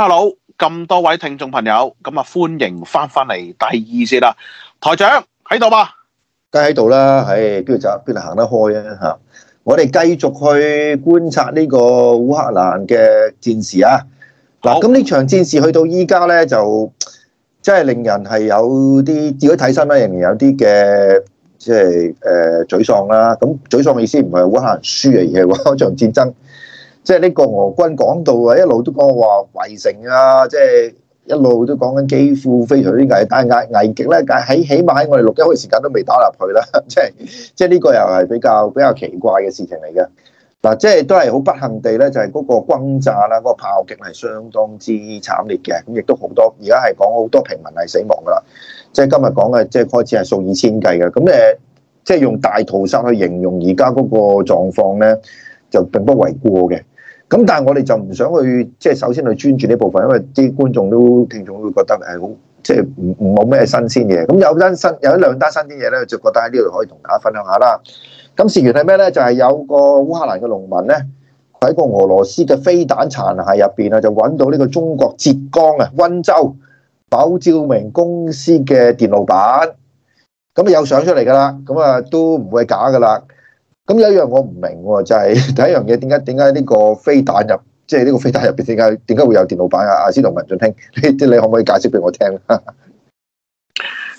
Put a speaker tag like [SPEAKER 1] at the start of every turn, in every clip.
[SPEAKER 1] Hello，咁多位聽眾朋友，咁啊歡迎翻翻嚟第二節啦。台長喺度嗎？
[SPEAKER 2] 梗喺度啦，唉，邊度走邊行得開啊吓？我哋繼續去觀察呢個烏克蘭嘅戰事啊。嗱，咁呢場戰事去到依家咧，就即係令人係有啲，自己睇身啦，仍然有啲嘅，即係誒沮喪啦。咁沮喪嘅意思唔係烏克蘭輸嘅，而係嗰場戰爭。即係呢個俄軍講到啊，一路都講話圍城啊，即係一路都講緊幾乎非常之危，但係危危急咧，喺起碼喺我哋六一號時間都未打入去啦。 即係即係呢個又係比較比較奇怪嘅事情嚟嘅。嗱，即係都係好不幸地咧，就係嗰個轟炸啦，嗰個炮擊係相當之慘烈嘅。咁亦都好多，而家係講好多平民係死亡噶啦。即係今日講嘅，即係開始係數以千計嘅。咁誒，即係用大屠殺去形容而家嗰個狀況咧，就並不為過嘅。咁但係我哋就唔想去，即係首先去專注呢部分，因為啲觀眾都聽眾會覺得係好，即係冇咩新鮮嘢。咁有單新有一兩單新鮮嘢咧，就覺得喺呢度可以同大家分享下啦。咁事源係咩咧？就係有個烏克蘭嘅農民咧，喺個俄羅斯嘅飛彈殘骸入邊啊，就揾到呢個中國浙江啊，溫州某照明公司嘅電路板。咁啊有相出嚟㗎啦，咁啊都唔會係假㗎啦。咁有一樣我唔明喎，就係、是、第一樣嘢，點解點解呢個飛彈入，即係呢個飛彈入邊點解點解會有電腦板？啊？阿司徒文進，你，你可唔可以解釋畀我聽？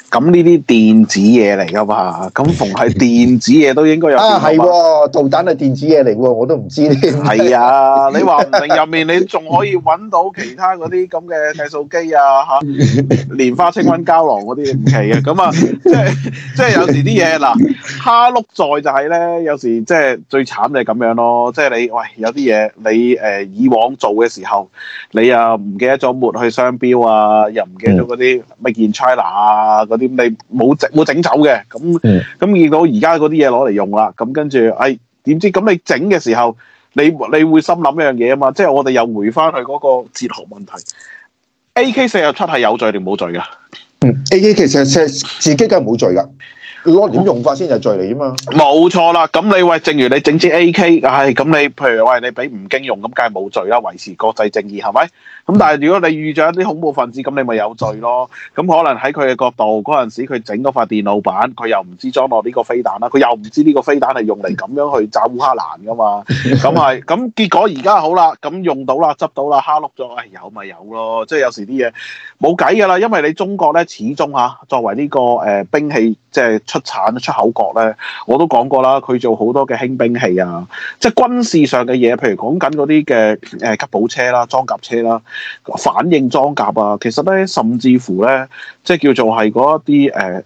[SPEAKER 2] 咁呢啲
[SPEAKER 1] 電子嘢嚟㗎嘛？咁逢係電子嘢都應該有。啊，係喎、哦，導彈係電子嘢嚟喎，我都唔知呢啲。係啊，你話唔定入 面你仲可以揾到其他嗰啲咁嘅計數機啊，嚇、啊，蓮花清瘟膠囊嗰啲唔奇啊？咁啊，即係即係有時啲嘢嗱，哈碌在就係咧，有時即係最慘就係咁樣咯。即係你喂，有啲嘢你誒、呃、以往做嘅時候，你又唔記得咗抹去商標啊，又唔記得咗嗰啲乜嘢 made in China 啊你冇整冇整走嘅，咁咁見到而家嗰啲嘢攞嚟用啦，咁跟住，哎，點知咁你整嘅時候，你你會心諗一樣嘢啊嘛，即係我哋又回翻去嗰個哲學問題。AK 四十七係有罪定冇罪噶？嗯
[SPEAKER 2] ，AK 其實係自己梗係冇罪噶。攞點用法先係罪嚟啊嘛，
[SPEAKER 1] 冇錯啦。咁你喂，正如你整支 A.K.，唉，咁你譬如話，你俾吳京用咁梗係冇罪啦，維持國際正義係咪？咁但係如果你遇著一啲恐怖分子，咁你咪有罪咯。咁可能喺佢嘅角度嗰陣時，佢整嗰塊電腦板，佢又唔知裝落呢個飛彈啦，佢又唔知呢個飛彈係用嚟咁樣去炸烏克蘭㗎嘛。咁係咁結果而家好啦，咁用到啦，執到啦，哈碌咗，有咪有咯？即係有時啲嘢冇計㗎啦，因為你中國咧始終嚇作為呢個誒兵器即係。出產出口國咧，我都講過啦，佢做好多嘅輕兵器啊，即係軍事上嘅嘢，譬如講緊嗰啲嘅誒吉普車啦、裝甲車啦、反應裝甲啊，其實咧甚至乎咧，即係叫做係嗰一啲誒。呃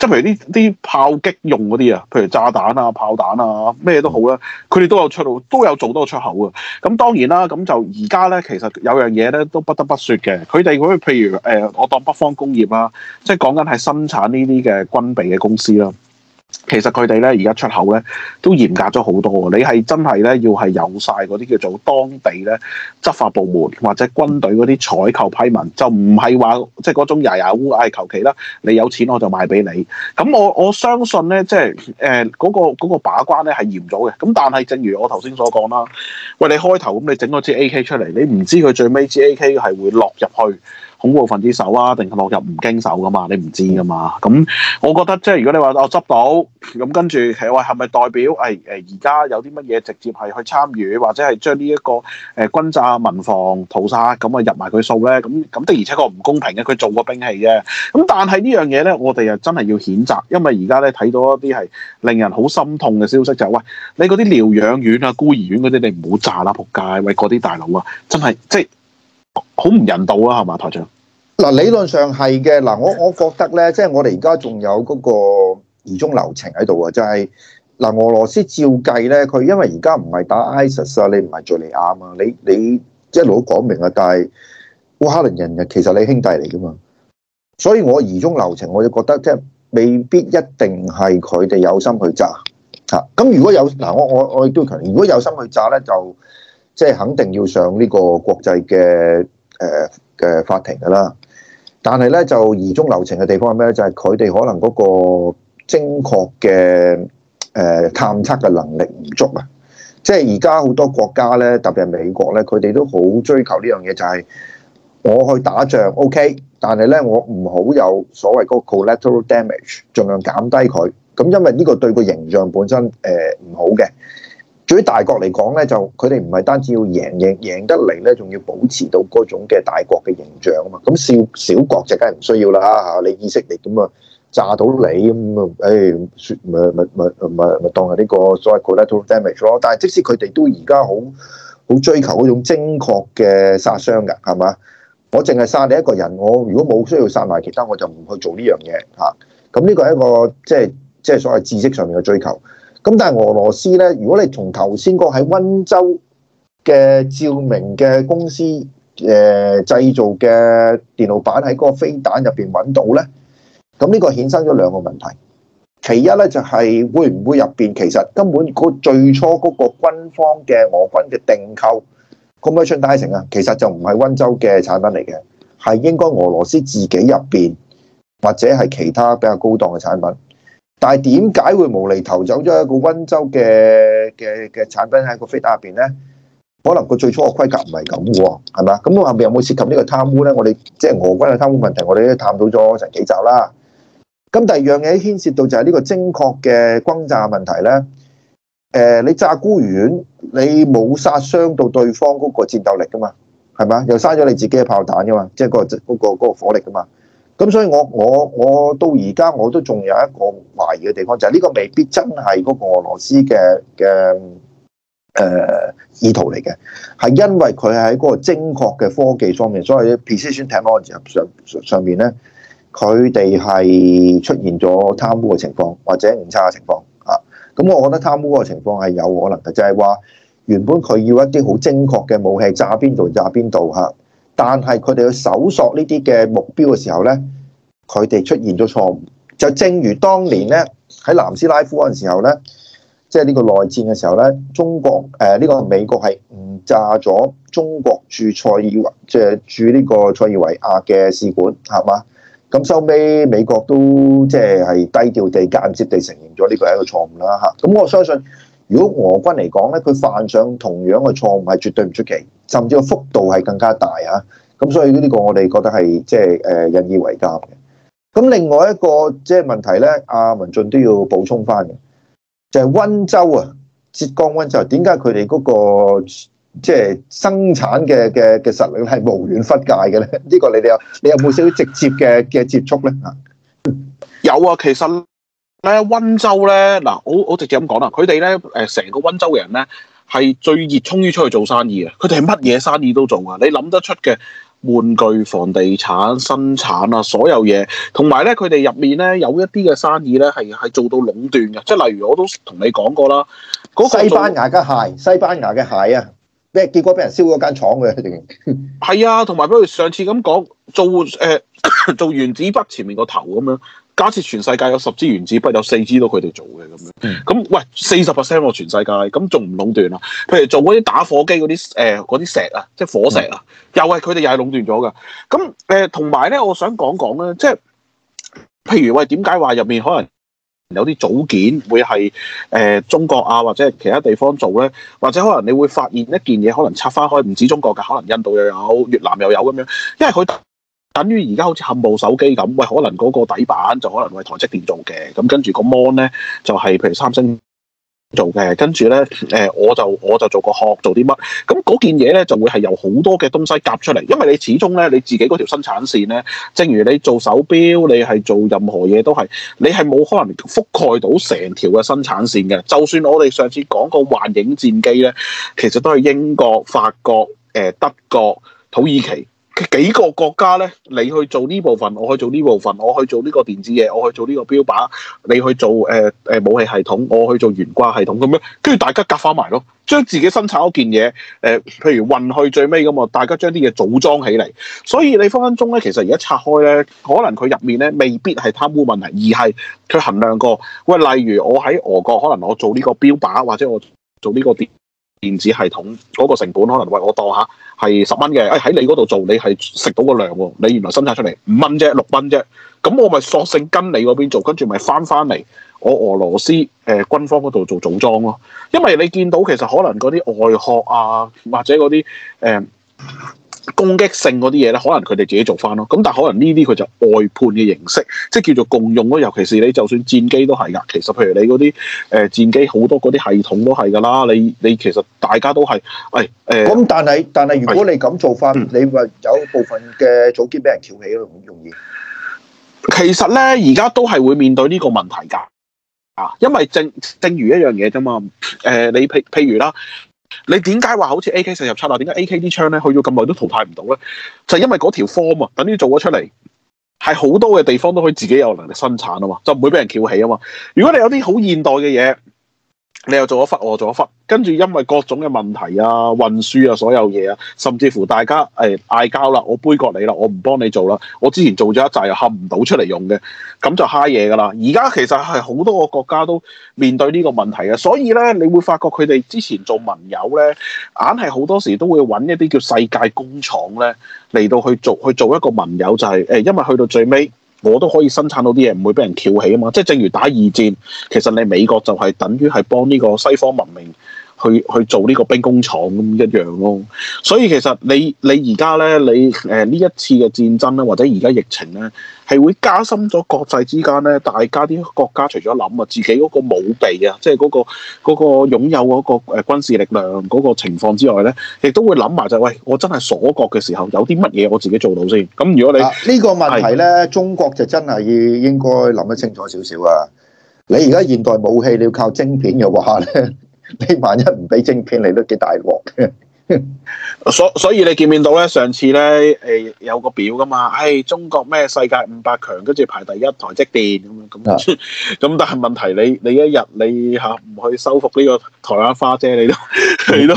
[SPEAKER 1] 即係譬如啲啲炮擊用嗰啲啊，譬如炸彈啊、炮彈啊，咩都好啦，佢哋都有出路，都有做多個出口嘅。咁當然啦，咁就而家咧，其實有樣嘢咧都不得不説嘅。佢哋如果譬如誒，我當北方工業啦，即係講緊係生產呢啲嘅軍備嘅公司啦。其實佢哋咧而家出口咧都嚴格咗好多，你係真係咧要係有晒嗰啲叫做當地咧執法部門或者軍隊嗰啲採購批文，就唔係話即係嗰種牙牙烏嗌求其啦，你有錢我就賣俾你。咁我我相信咧，即係誒嗰個嗰個把關咧係嚴咗嘅。咁但係正如我頭先所講啦，喂你開頭咁你整咗支 AK 出嚟，你唔知佢最尾支 AK 係會落入去恐怖分子手啊，定係落入唔經手噶嘛？你唔知噶嘛？咁我覺得即係如果你話我執到，咁、嗯、跟住係喂，係咪代表誒誒而家有啲乜嘢直接係去參與，或者係將呢一個誒、呃、軍炸民防屠殺咁啊入埋佢數咧？咁咁的而且確唔公平嘅，佢做過兵器嘅。咁但係呢樣嘢咧，我哋又真係要譴責，因為而家咧睇到一啲係令人好心痛嘅消息，就係，就喂你嗰啲療養院啊、孤兒院嗰啲，你唔好炸啦！仆街喂，嗰啲大佬啊，真係即係。即即即好唔人道啊，係嘛，台長？
[SPEAKER 2] 嗱，理論上係嘅。嗱，我我覺得咧，即係我哋而家仲有嗰個疑中留情喺度啊，就係嗱，俄羅斯照計咧，佢因為而家唔係打 ISIS 啊，你唔係敍利亞啊嘛，你你一路講明啊，但係烏克蘭人嘅其實你兄弟嚟噶嘛，所以我疑中留情，我就覺得即係未必一定係佢哋有心去炸嚇。咁如果有嗱，我我我亦都強，如果有心去炸咧，就即係肯定要上呢個國際嘅。誒嘅法庭㗎啦，但係咧就疑中留情嘅地方係咩咧？就係佢哋可能嗰個精確嘅誒、呃、探測嘅能力唔足啊！即係而家好多國家咧，特別係美國咧，佢哋都好追求呢樣嘢，就係、係、我去打仗 OK，但係咧我唔好有所謂嗰個 collateral damage，盡量減低佢。咁因為呢個對個形象本身誒唔、呃、好嘅。對於大國嚟講咧，就佢哋唔係單止要贏嘅，贏得嚟咧，仲要保持到嗰種嘅大國嘅形象啊嘛。咁小小國就梗係唔需要啦嚇。你意識力咁啊，炸到你咁啊，誒，咪咪咪咪咪當係呢個所謂 collateral damage 咯。但係即使佢哋都而家好好追求嗰種精確嘅殺傷㗎，係嘛？我淨係殺你一個人，我如果冇需要殺埋其他，我就唔去做呢樣嘢嚇。咁呢個係一個即係即係所謂知識上面嘅追求。咁但係俄羅斯咧，如果你從頭先嗰個喺温州嘅照明嘅公司誒、呃、製造嘅電路板喺嗰個飛彈入邊揾到呢，咁呢個衍生咗兩個問題。其一呢，就係、是、會唔會入邊其實根本嗰最初嗰個軍方嘅俄軍嘅訂購 Commissioned 成啊，izing, 其實就唔係温州嘅產品嚟嘅，係應該俄羅斯自己入邊或者係其他比較高檔嘅產品。但係點解會無厘頭走咗一個温州嘅嘅嘅產品喺個飛彈入邊咧？可能佢最初嘅規格唔係咁喎，係嘛？咁我下面有冇涉及呢個貪污咧？我哋即係俄軍嘅貪污問題，我哋都探到咗成幾集啦。咁第二樣嘢牽涉到就係呢個精確嘅轟炸問題咧。誒，你炸孤遠，你冇殺傷到對方嗰個戰鬥力噶嘛？係嘛？又嘥咗你自己嘅炮彈噶嘛？即係個嗰個嗰個火力噶嘛？咁所以我，我我我到而家我都仲有一個懷疑嘅地方，就係呢個未必真係嗰個俄羅斯嘅嘅誒意圖嚟嘅，係因為佢喺嗰個精確嘅科技方面，所謂嘅 precision technology 上上面咧，佢哋係出現咗貪污嘅情況或者誤差嘅情況啊。咁我覺得貪污嗰個情況係有可能嘅，就係話原本佢要一啲好精確嘅武器，炸邊度炸邊度嚇。啊但係佢哋去搜索呢啲嘅目標嘅時候呢，佢哋出現咗錯誤，就正如當年呢，喺南斯拉夫嗰陣時候呢，即係呢個內戰嘅時候呢，中國誒呢個美國係誤炸咗中國駐塞爾維即係駐呢個塞爾維亞嘅使館，係嘛？咁收尾美國都即係係低調地間接地承認咗呢個係一個錯誤啦嚇。咁我相信，如果俄軍嚟講咧，佢犯上同樣嘅錯誤係絕對唔出奇，甚至個幅度係更加大啊！咁所以呢個我哋覺得係即係誒引以為鑑嘅。咁另外一個即係問題咧，阿文進都要補充翻嘅，就係温州啊，浙江温州點解佢哋嗰個即係生產嘅嘅嘅實力係無遠弗屆嘅咧？呢個你哋有你有冇少少直接嘅嘅接觸咧？啊，
[SPEAKER 1] 有啊，其實。咧溫州咧嗱，我我直接咁講啦，佢哋咧誒，成個溫州嘅人咧係最熱衷於出去做生意嘅，佢哋係乜嘢生意都做啊！你諗得出嘅玩具、房地產、生產啊，所有嘢，同埋咧，佢哋入面咧有一啲嘅生意咧係係做到壟斷嘅，即係例如我都同你講過啦，嗰、嗰個西班牙
[SPEAKER 2] 嘅鞋，西班牙嘅鞋啊，咩結果俾人燒咗間廠嘅，佢哋
[SPEAKER 1] 係啊，同埋比如上次咁講做誒、呃、做原子筆前面個頭咁樣。假設全世界有十支原子筆，不過有四支都佢哋做嘅咁樣，咁、嗯、喂四十 percent 個全世界，咁仲唔壟斷啊？譬如做嗰啲打火機嗰啲誒啲石啊，即係火石啊，又係佢哋又係壟斷咗嘅。咁誒同埋咧，我想講講咧，即、就、係、是、譬如喂，點解話入面可能有啲組件會係誒、呃、中國啊，或者係其他地方做咧？或者可能你會發現一件嘢，可能拆翻開唔止中國嘅，可能印度又有，越南又有咁樣，因為佢。等於而家好似冚部手機咁，喂，可能嗰個底板就可能為台積電做嘅，咁、嗯、跟住個 mon 咧就係、是、譬如三星做嘅，跟住咧，誒、呃，我就我就做個殼做啲乜，咁、嗯、嗰件嘢咧就會係由好多嘅東西夾出嚟。因為你始終咧，你自己嗰條生產線咧，正如你做手錶，你係做任何嘢都係，你係冇可能覆蓋到成條嘅生產線嘅，就算我哋上次講過幻影戰機咧，其實都係英國、法國、誒、呃、德國、土耳其。幾個國家咧，你去做呢部分，我去做呢部分，我去做呢個電子嘢，我去做呢個標靶，你去做誒誒、呃、武器系統，我去做懸掛系統咁樣，跟住大家夾翻埋咯，將自己生產嗰件嘢誒，譬如運去最尾咁嘛，大家將啲嘢組裝起嚟。所以你分分鐘咧，其實而家拆開咧，可能佢入面咧未必係貪污問題，而係佢衡量過喂，例如我喺俄國，可能我做呢個標靶，或者我做呢個電。電子系統嗰個成本可能為我多下，係十蚊嘅，誒喺你嗰度做，你係食到個量喎，你原來生產出嚟五蚊啫，六蚊啫，咁我咪索性跟你嗰邊做，跟住咪翻翻嚟我俄羅斯誒軍方嗰度做組裝咯，因為你見到其實可能嗰啲外殼啊，或者嗰啲誒。呃攻擊性嗰啲嘢咧，可能佢哋自己做翻咯。咁但係可能呢啲佢就外判嘅形式，即係叫做共用咯。尤其是你就算戰機都係㗎，其實譬如你嗰啲誒戰機好多嗰啲系統都係㗎啦。你你其實大家都係誒誒。咁、哎呃、但係但係如果你咁做法，的你咪有
[SPEAKER 2] 部分嘅組件俾人撬起咯，好容易。
[SPEAKER 1] 其實咧，而家都係會面對呢個問題㗎。啊，因為正正如一樣嘢啫嘛。誒、呃，你譬譬如啦。你點解話好似 A.K. 四十七啊？點解 A.K. 啲槍咧，去咗咁耐都淘汰唔到咧？就係因為嗰條方啊，等於做咗出嚟，係好多嘅地方都可以自己有能力生產啊嘛，就唔會俾人翹起啊嘛。如果你有啲好現代嘅嘢。你又做咗忽，我做咗忽，跟住因為各種嘅問題啊、運輸啊、所有嘢啊，甚至乎大家誒嗌交啦，我杯葛你啦，我唔幫你做啦，我之前做咗一紮又合唔到出嚟用嘅，咁就嗨嘢噶啦。而家其實係好多個國家都面對呢個問題啊，所以咧你會發覺佢哋之前做盟友咧，硬係好多時都會揾一啲叫世界工廠咧嚟到去做去做一個盟友就係、是、誒、哎，因為去到最尾。我都可以生產到啲嘢，唔會俾人撬起啊嘛！即係正如打二戰，其實你美國就係等於係幫呢個西方文明。去去做呢個兵工廠咁一樣咯，所以其實你你而家咧，你誒呢你、呃、一次嘅戰爭咧，或者而家疫情咧，係會加深咗國際之間咧，大家啲國家除咗諗啊自己嗰個武備啊，即係嗰個嗰、那個、擁有嗰、那個誒、呃、軍事力量嗰個情況之外咧，亦都會諗埋就係、是、喂，我真係鎖國嘅時候有啲乜嘢我自己做到先咁。如果你呢、啊這個問題咧，
[SPEAKER 2] 是中國就真係應該諗得清楚少少啊！你而家現代武器你要靠晶片嘅話咧？ 你萬一唔俾正片，你都幾大鑊，
[SPEAKER 1] 所以所以你見面到咧，上次咧誒、呃、有個表噶嘛，誒、哎、中國咩世界五百強，跟住排第一台積電咁咁。咁、啊、但係問題你你一日你嚇唔去收復呢個台灣花姐，你都、嗯、你都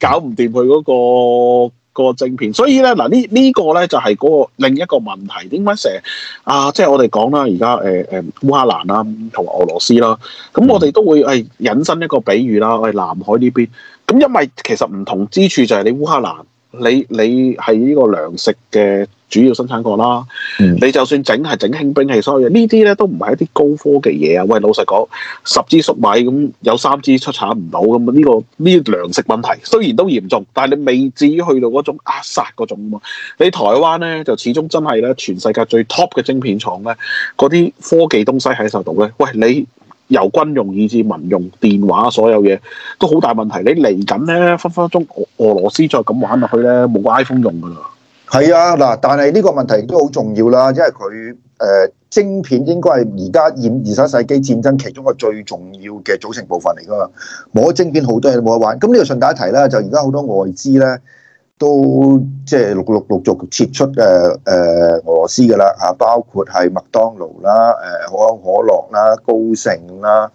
[SPEAKER 1] 搞唔掂佢嗰個。個正片，所以咧嗱呢呢個咧就係嗰、那個另一個問題，點解成日啊？即、就、係、是、我哋講啦，而家誒誒烏克蘭啦同俄羅斯啦，咁我哋都會係引申一個比喻啦，我哋南海呢邊。咁因為其實唔同之處就係你烏克蘭，你你喺呢個糧食嘅主要生產過啦，嗯、你就算整係整輕兵器所有嘢，呢啲咧都唔係一啲高科技嘢啊！喂，老實講，十支粟米咁有三支出產唔到咁，呢、呢個呢糧食問題雖然都嚴重，但係你未至於去到嗰種壓殺嗰種啊！你台灣咧就始終真係咧全世界最 top 嘅晶片廠咧，嗰啲科技東西喺手度咧，喂，你由軍用以至民用電話所有嘢都好大問題。你嚟緊咧分分，分鐘俄，俄羅斯再咁玩落去咧，冇個 iPhone 用㗎啦～係啊，
[SPEAKER 2] 嗱，但係呢個問題都好重要啦，因為佢誒晶片應該係而家二二十一世紀戰爭其中個最重要嘅組成部分嚟㗎嘛，冇咗晶片好多嘢都冇得玩。咁呢個順帶一提啦，就而家好多外資咧。都即係陸陸陸續撤出嘅誒俄羅斯嘅啦嚇，包括係麥當勞啦、誒可口可樂啦、高盛啦、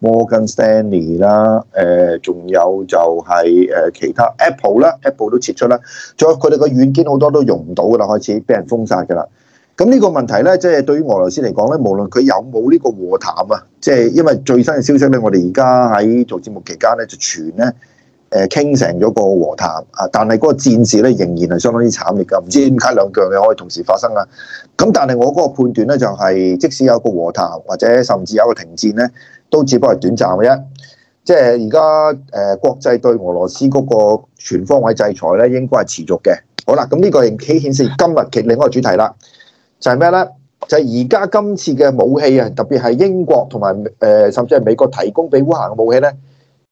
[SPEAKER 2] 摩根士丹利啦、誒仲有就係誒其他 Apple 啦，Apple 都撤出啦，仲有佢哋嘅軟件好多都用唔到噶啦，開始俾人封殺噶啦。咁呢個問題咧，即係對於俄羅斯嚟講咧，無論佢有冇呢個和談啊，即係因為最新嘅消息咧，我哋而家喺做節目期間咧就傳咧。誒傾成咗個和談啊，但係嗰個戰事咧仍然係相當之慘烈㗎，唔知點解兩腳你可以同時發生啊。咁但係我嗰個判斷咧就係、是，即使有個和談或者甚至有個停戰咧，都只不過係短暫嘅啫。即係而家誒國際對俄羅斯嗰個全方位制裁咧，應該係持續嘅。好啦，咁呢個亦企顯示今日其另一個主題啦，就係咩咧？就係而家今次嘅武器啊，特別係英國同埋誒甚至係美國提供俾烏克蘭嘅武器咧。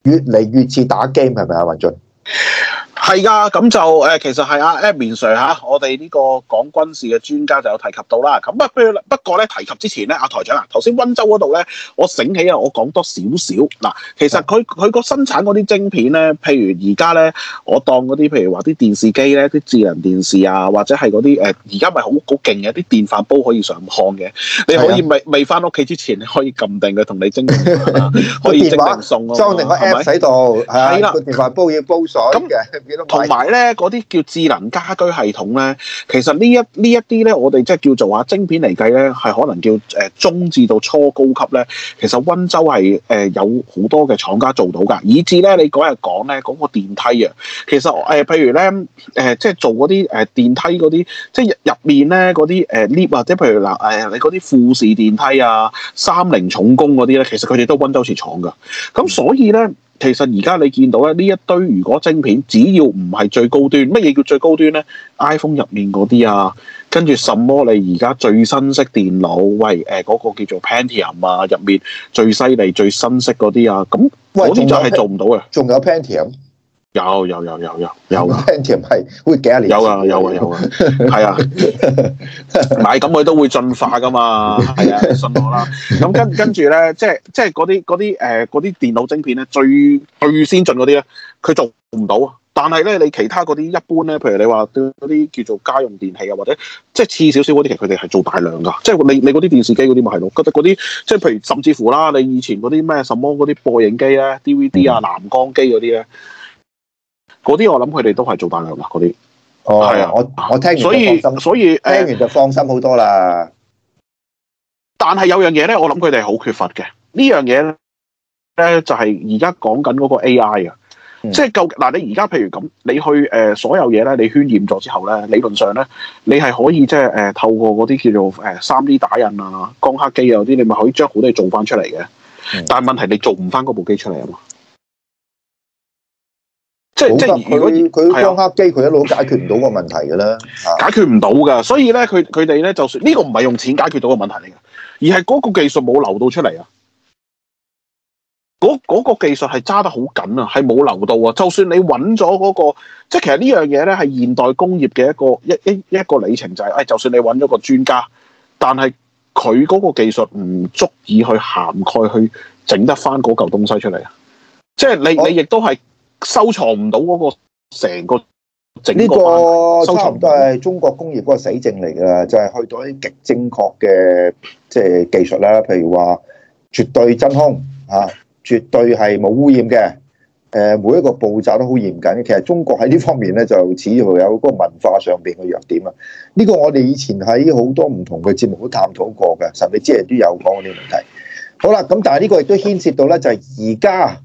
[SPEAKER 2] 越嚟越似打 game，係咪啊？文進。
[SPEAKER 1] 係噶，咁就誒，其實係阿 Evan Sir 嚇、啊，我哋呢個講軍事嘅專家就有提及到啦。咁不不過咧，提及之前咧，阿台長啊，頭先温州嗰度咧，我醒起啊，我講多少少嗱。其實佢佢個生產嗰啲晶片咧，譬如而家咧，我當嗰啲譬如話啲電視機咧，啲智能電視啊，或者係嗰啲誒，而家咪好好勁嘅，啲電飯煲可以上網嘅，你可以是是是未未翻屋企之前，你可以撳定佢同你蒸，s, 以可以蒸定送咯，裝定個 App 喺度，係啦，個電飯煲要煲水嘅。同埋咧，嗰啲叫智能家居系統咧，其實一呢一呢一啲咧，我哋即係叫做話晶片嚟計咧，係可能叫誒、呃、中至到初高級咧。其實温州係誒、呃、有好多嘅廠家做到噶，以至咧你嗰日講咧嗰個電梯啊，其實誒、呃、譬如咧誒、呃，即係做嗰啲誒電梯嗰啲，即係入入面咧嗰啲誒 lift 或者譬如嗱誒，你嗰啲富士電梯啊、三菱重工嗰啲咧，其實佢哋都温州市廠噶。咁所以咧。嗯其實而家你見到咧呢一堆，如果晶片只要唔係最高端，乜嘢叫最高端呢？iPhone 入面嗰啲啊，跟住什麼？你而家最新式電腦？喂，誒、呃、嗰、那個叫做 Pentium 啊，入面最犀利、最新式嗰啲啊，咁嗰啲就係做唔到嘅。仲有 Pentium？有有有有有有，聽係會幾年？有啊有啊有啊，係啊，唔係咁佢都會進化噶嘛，係啊，信我啦。咁跟跟住咧，即係即係嗰啲嗰啲誒啲電腦晶片咧，最最先進嗰啲咧，佢做唔到。但係咧，你其他嗰啲一般咧，譬如你話嗰啲叫做家用電器啊，或者即係似少少嗰啲，其實佢哋係做大量噶，就是。即係你你嗰啲電視機嗰啲咪係咯，嗰啲即係譬如甚至乎啦，你以前嗰啲咩什麼嗰啲播影機咧，D V D、啊、藍光機嗰啲咧。嗯嗰啲我諗佢哋都係做大量啦，嗰啲係啊，我我聽完所以所以，呃、聽完就放心好多啦。但係有樣嘢咧，我諗佢哋係好缺乏嘅呢樣嘢咧，就係而家講緊嗰個 AI 啊，嗯、即係舊嗱你而家譬如咁，你去誒、呃、所有嘢咧，你渲染咗之後咧，理論上咧，你係可以即係誒透過嗰啲叫做誒三 D 打印啊、光刻機啊嗰啲，你咪可以將好多嘢做翻出嚟嘅。嗯、但係問題你做唔翻嗰部機出嚟啊嘛。即係即係，佢佢裝刻機，佢一路解決唔到個問題噶啦，解決唔到噶。啊、所以咧，佢佢哋咧，就算呢、這個唔係用錢解決到個問題嚟噶，而係個技術冇流到出嚟啊！嗰個技術係揸得好緊啊，係冇流到啊。就算你揾咗、嗰個，即係其實呢樣嘢咧，係現代工業嘅一個一一一,一個里程，就係、是、誒、哎，就算你揾咗個專家，但係佢個技術唔足以去涵蓋去整得翻嗰嚿東西出嚟啊！即係你、啊、你亦都係。收藏唔到嗰個成個呢個
[SPEAKER 2] 差唔多係中國工業嗰個死症嚟㗎，就係去到啲極精確嘅即係技術啦。譬如話絕對真空啊，絕對係冇污染嘅。誒，每一個步驟都好嚴謹。其實中國喺呢方面咧，就似乎有嗰個文化上邊嘅弱點啊。呢個我哋以前喺好多唔同嘅節目都探討過嘅。甚至之前都有講呢個問題。好啦，咁但係呢個亦都牽涉到咧，就係而家。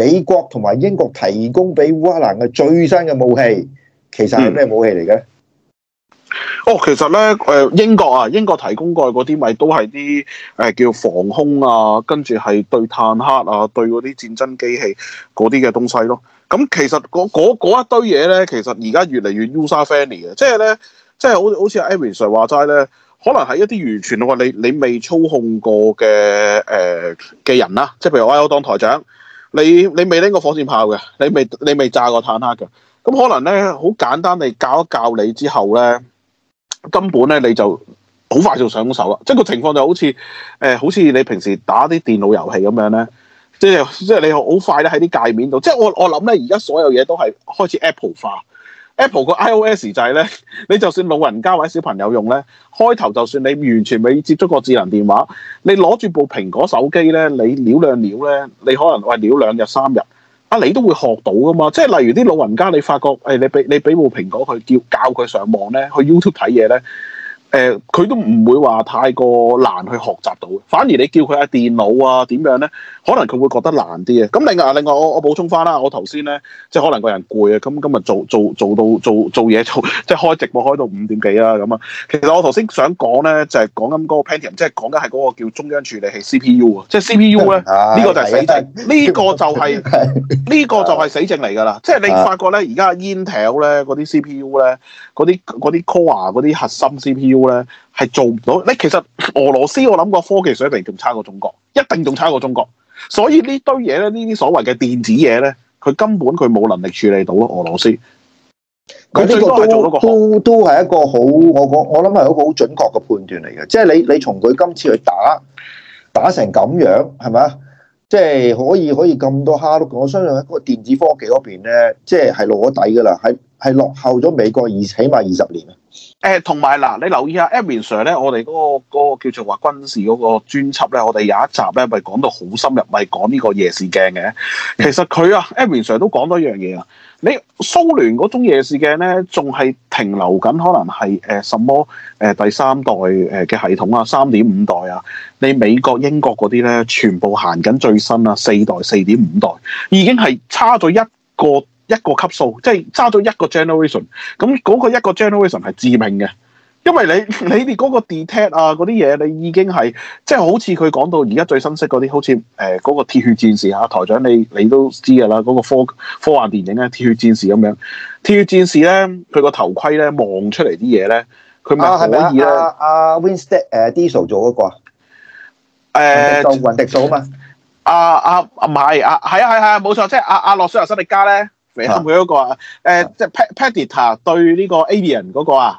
[SPEAKER 2] 美國同埋英國提供俾烏克蘭嘅最新嘅武器，其實係咩
[SPEAKER 1] 武器嚟嘅、嗯？哦，其實咧，誒、呃、英國啊，英國提供過嗰啲咪都係啲誒叫防空啊，跟住係對坦克啊，對嗰啲戰爭機器嗰啲嘅東西咯。咁其實嗰一堆嘢咧，其實而家越嚟越 user friendly 嘅，即係咧，即係好好似阿 Amy sir 話齋咧，可能係一啲完全喎你你未操控過嘅誒嘅人啦、啊，即係譬如我當台長。你你未拎過火箭炮嘅，你未你未炸過坦克嘅，咁可能咧好簡單地教一教你之後咧，根本咧你就好快就上手啦。即係個情況就好似，誒、呃，好似你平時打啲電腦遊戲咁樣咧，即係即係你好快咧喺啲界面度。即係我我諗咧，而家所有嘢都係開始 Apple 化。Apple 個 iOS 就係咧，你就算老人家或者小朋友用咧，開頭就算你完全未接觸過智能電話，你攞住部蘋果手機咧，你撩兩撩咧，你可能話撩兩日三日，阿你都會學到噶嘛。即係例如啲老人家，你發覺誒、哎，你俾你俾部蘋果去叫教佢上網咧，去 YouTube 睇嘢咧。誒佢、呃、都唔會話太過難去學習到，反而你叫佢喺電腦啊點樣咧，可能佢會覺得難啲啊。咁另外另外，另外我我補充翻啦，我頭先咧即係可能個人攰啊，咁今日做做做到做做嘢做，做，即係開直播開到五點幾啦咁啊。其實我頭先想呢、就是、講咧就係講緊嗰個 Pentium，即係講緊係嗰個叫中央處理器 CPU 啊，即係 CPU 咧呢個就係死症，呢個就係呢個就係死症嚟㗎啦。即係你發覺咧而家 Intel 咧嗰啲 CPU 咧啲嗰啲 core 嗰啲核心 CPU。咧係做唔到，咧其實俄羅斯我諗個科技水平仲差過中國，一定仲差過中國。所以呢堆嘢咧，呢啲所謂嘅電子嘢咧，佢根本佢冇能力處理到咯。俄羅斯佢呢個都
[SPEAKER 2] 都係一個好，我我我諗係一個好準確嘅判斷嚟嘅。即係你你從佢今次去打打成咁樣，係咪啊？即係可以可以咁多蝦碌，我相信喺嗰個電子科技嗰邊咧，即係係落咗底噶啦，係係落後咗美國二起碼二十年啊！
[SPEAKER 1] 誒、呃，同埋嗱，你留意下 Abin Sir 咧，我哋嗰、嗰個、嗰個叫做話軍事嗰個專輯咧，我哋有一集咧，咪講到好深入，咪講呢個夜視鏡嘅，其實佢啊 Abin Sir 都講多一樣嘢啊。你蘇聯嗰種夜視鏡咧，仲係停留緊，可能係誒、呃、什麼誒、呃、第三代誒嘅系統啊，三點五代啊。你美國、英國嗰啲咧，全部行緊最新啊，四代、四點五代，已經係差咗一個一個級數，即係差咗一個 generation。咁嗰個一個 generation 係致命嘅。因為你你哋嗰個 detect 啊嗰啲嘢，你已經係即係好似佢講到而家最新式嗰啲，好似誒嗰個鐵血戰士嚇台長，你你都知㗎啦，嗰個科科幻電影啊，鐵血戰士咁樣，鐵血戰士咧佢個頭盔咧望出嚟啲嘢咧，佢咪可以咧？
[SPEAKER 2] 阿 Winstead 誒 Diesel 做嗰個啊？
[SPEAKER 1] 誒，
[SPEAKER 2] 做混敵數啊嘛？
[SPEAKER 1] 啊啊唔係啊，係啊係係冇錯，即係阿阿諾舒華辛力加咧，肥佢嗰個啊？誒，即係 Pat Predator 對呢個 Alien 嗰個啊？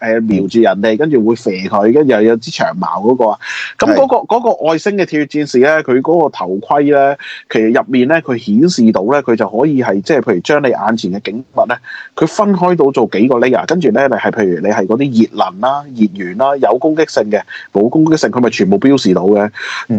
[SPEAKER 1] 誒、嗯、瞄住人哋，跟住會肥佢，跟住又有支長矛嗰、嗰個。咁嗰個外星嘅鐵血戰士咧，佢嗰個頭盔咧，其實入面咧，佢顯示到咧，佢就可以係即係譬如將你眼前嘅景物咧，佢分開到做幾個 layer。跟住咧，你係譬如你係嗰啲熱能啦、熱源啦，有攻擊性嘅冇攻擊性，佢咪全部標示到嘅。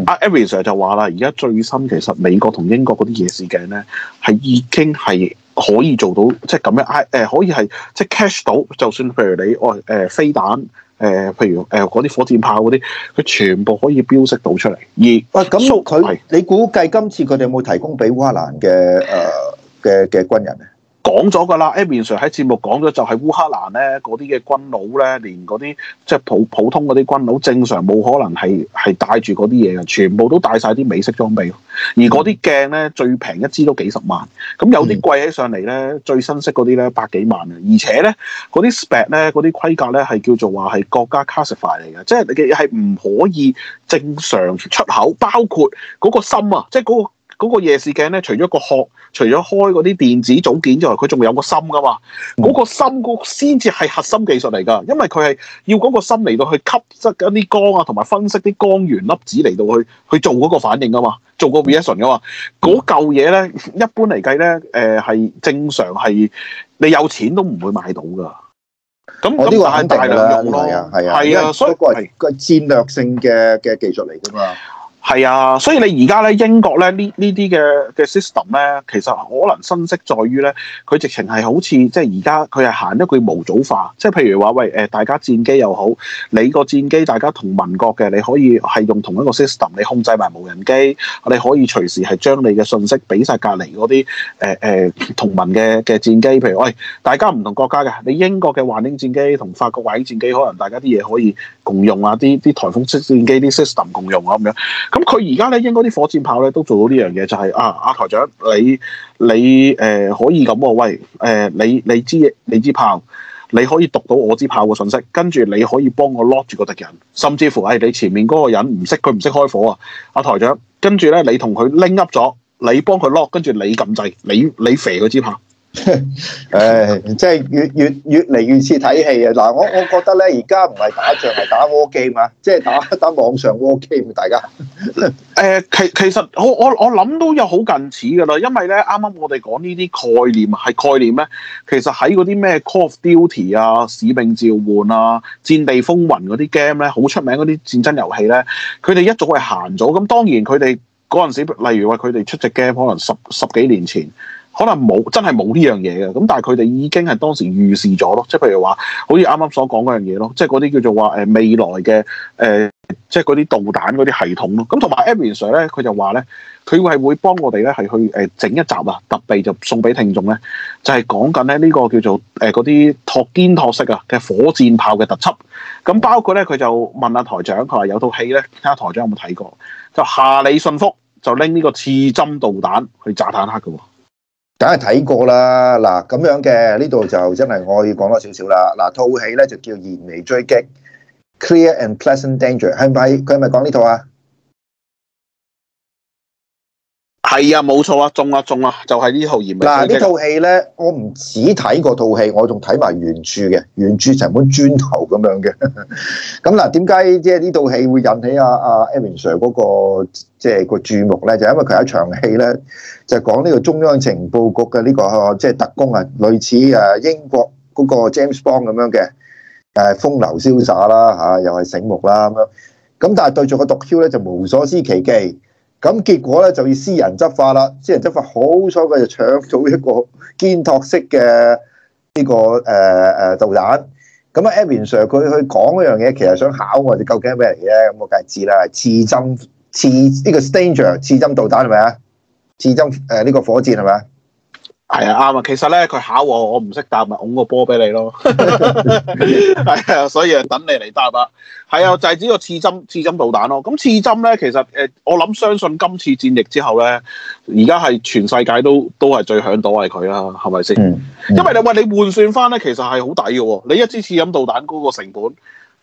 [SPEAKER 1] 阿 Evers 就話啦，而家最新其實美國同英國嗰啲夜視鏡咧，係已經係。可以做到即係咁樣，唉，誒，可以係即係 cash 到，就算譬如你，哦，誒，飛彈，誒、呃，譬如誒啲、呃、火箭炮啲，佢全部可以標識到出嚟。而，喂、哎，咁佢你估計今次佢哋有冇提供俾烏克蘭嘅誒嘅嘅軍人咧？講咗㗎啦，Ambition 喺節目講咗就係烏克蘭咧嗰啲嘅軍佬咧，連嗰啲即係普普通嗰啲軍佬，正常冇可能係係帶住嗰啲嘢嘅，全部都帶晒啲美式裝備。而嗰啲鏡咧最平一支都幾十萬，咁有啲貴起上嚟咧最新式嗰啲咧百幾萬嘅，而且咧嗰啲 spec 咧嗰啲規格咧係叫做話係國家 classified 嚟嘅，即係係唔可以正常出口，包括嗰個芯啊，即係嗰個。嗰個夜視鏡咧，除咗個殼，除咗開嗰啲電子組件之外，佢仲有個心㗎嘛。嗰、嗯、個心，先至係核心技術嚟㗎。因為佢係要嗰個心嚟到去吸收緊啲光啊，同埋分析啲光源粒子嚟到去去做嗰個反應㗎嘛，做個 reaction 㗎嘛。嗰嚿嘢咧，一般嚟計咧，誒、呃、係正常係你有錢都唔會買到㗎。咁我呢個係大量用咯，係啊、嗯，
[SPEAKER 2] 所以係個戰略性嘅嘅技術嚟㗎嘛。嗯嗯嗯嗯嗯嗯
[SPEAKER 1] 係啊，所以你而家咧英國咧呢系統呢啲嘅嘅 system 咧，其實可能新息在於咧，佢直情係好似即係而家佢係行一句模組化，即係譬如話喂誒、呃，大家戰機又好，你個戰機大家同盟國嘅你可以係用同一個 system，你控制埋無人機，你可以隨時係將你嘅信息俾晒隔離嗰啲誒誒同盟嘅嘅戰機，譬如喂大家唔同國家嘅，你英國嘅幻影戰機同法國幻影戰機可能大家啲嘢可以共用啊，啲啲颱風式戰機啲 system 共用啊咁樣。咁佢而家咧，應該啲火箭炮咧都做到呢樣嘢，就係、是、啊，阿、啊、台長，你你誒、呃、可以咁喎，喂，誒、呃、你你知你支炮，你可以讀到我支炮嘅信息，跟住你可以幫我 lock 住個敵人，甚至乎係、哎、你前面嗰個人唔識，佢唔識開火啊，阿、啊、台長，跟住咧你同佢 link 咗，你幫佢 lock，跟住你撳掣，你你肥佢支炮。
[SPEAKER 2] 唉，真係、 哎、越越越嚟越似睇戲啊！嗱，我
[SPEAKER 1] 我覺得咧，而家唔係打仗，係打 war game 啊，即係打打網上 war game。大家。 誒、呃，其其實我我我諗都有好近似噶啦，因為咧，啱啱我哋講呢啲概念係概念咧，其實喺嗰啲咩 Call of Duty 啊、使命召喚啊、戰地風雲嗰啲 game 咧，好出名嗰啲戰爭遊戲咧，佢哋一早係行咗。咁當然佢哋嗰陣時，例如話佢哋出隻 game，可能十十幾年前。可能冇真係冇呢樣嘢嘅，咁但係佢哋已經係當時預示咗咯，即係譬如話，好似啱啱所講嗰樣嘢咯，即係嗰啲叫做話誒未來嘅誒、呃，即係嗰啲導彈嗰啲系統咯。咁同埋 Abby Sir 咧，佢就話咧，佢係會幫我哋咧係去誒整一集啊，特別就送俾聽眾咧，就係、是、講緊咧呢個叫做誒嗰啲托肩托式啊嘅火箭炮嘅特輯。咁包括咧，佢就問阿、啊、台長，佢話有套戲咧，睇下、啊、台長有冇睇過，就下你信福就拎呢個刺針導彈去炸坦克嘅。梗
[SPEAKER 2] 係睇過啦，嗱咁樣嘅呢度就真係我要講多少少啦。嗱套戲咧就叫《燃眉追擊》，Clear and Present Danger，係咪？佢係咪講呢套啊？
[SPEAKER 1] 係啊，冇錯啊，中啊，中啊，就係、是、呢套演。嗱，呢套戲
[SPEAKER 2] 咧，我唔只睇嗰套戲，我仲睇埋原著嘅，原著成本磚頭咁樣嘅。咁嗱，點解即係呢套戲會引起啊阿、e、Amin Sir 嗰、那個即係、就是、個注目咧？就因為佢有一場戲咧，就講呢個中央情報局嘅呢、這個即係、啊就是、特工啊，類似誒英國嗰個 James Bond 咁樣嘅，誒、啊、風流瀟灑啦，嚇、啊、又係醒目啦咁樣。咁但係對住個毒梟咧就無所施其技。咁結果咧就要私人執法啦，私人執法，好彩佢就搶到一個肩托式嘅呢個誒誒呃導彈，咁啊 Evan Sir 佢去講嗰樣嘢，其實想考我哋究竟係咩嚟嘅。咁，我梗係知啦，刺針刺呢個 stinger，刺針導彈係咪啊？刺針誒呃呢個火箭係咪啊？是
[SPEAKER 1] 係啊，啱啊，其實咧佢考我，我唔識答，咪拱個波俾你咯。係 啊，所以啊，等你嚟答啊。係啊，就係、是、指個刺針，刺針導彈咯。咁刺針咧，其實誒、呃，我諗相信今次戰役之後咧，而家係全世界都都係最響到係佢啦，係咪先？嗯嗯、因為你喂，你換算返咧，其實係好抵嘅喎。你一支刺針導彈嗰個成本，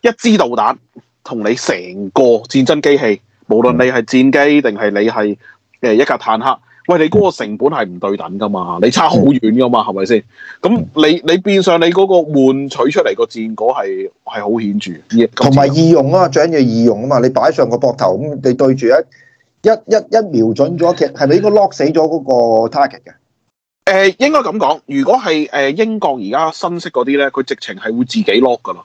[SPEAKER 1] 一支導彈同你成個戰爭機器，無論你係戰機定係你係誒一架坦克。喂，你嗰個成本係唔對等噶嘛，你差好遠噶嘛，係咪先？咁你你變相，你嗰個換取出嚟個戰果係係好顯著，
[SPEAKER 2] 同埋易用啊，最緊要易用啊嘛，你擺上個膊頭咁，你對住一
[SPEAKER 1] 一一一瞄準咗其實，係咪應該 lock 死咗嗰個 target 嘅？誒、呃、應該咁講，如果係誒英國而家新式嗰啲咧，佢直情係會自己 lock 噶喇，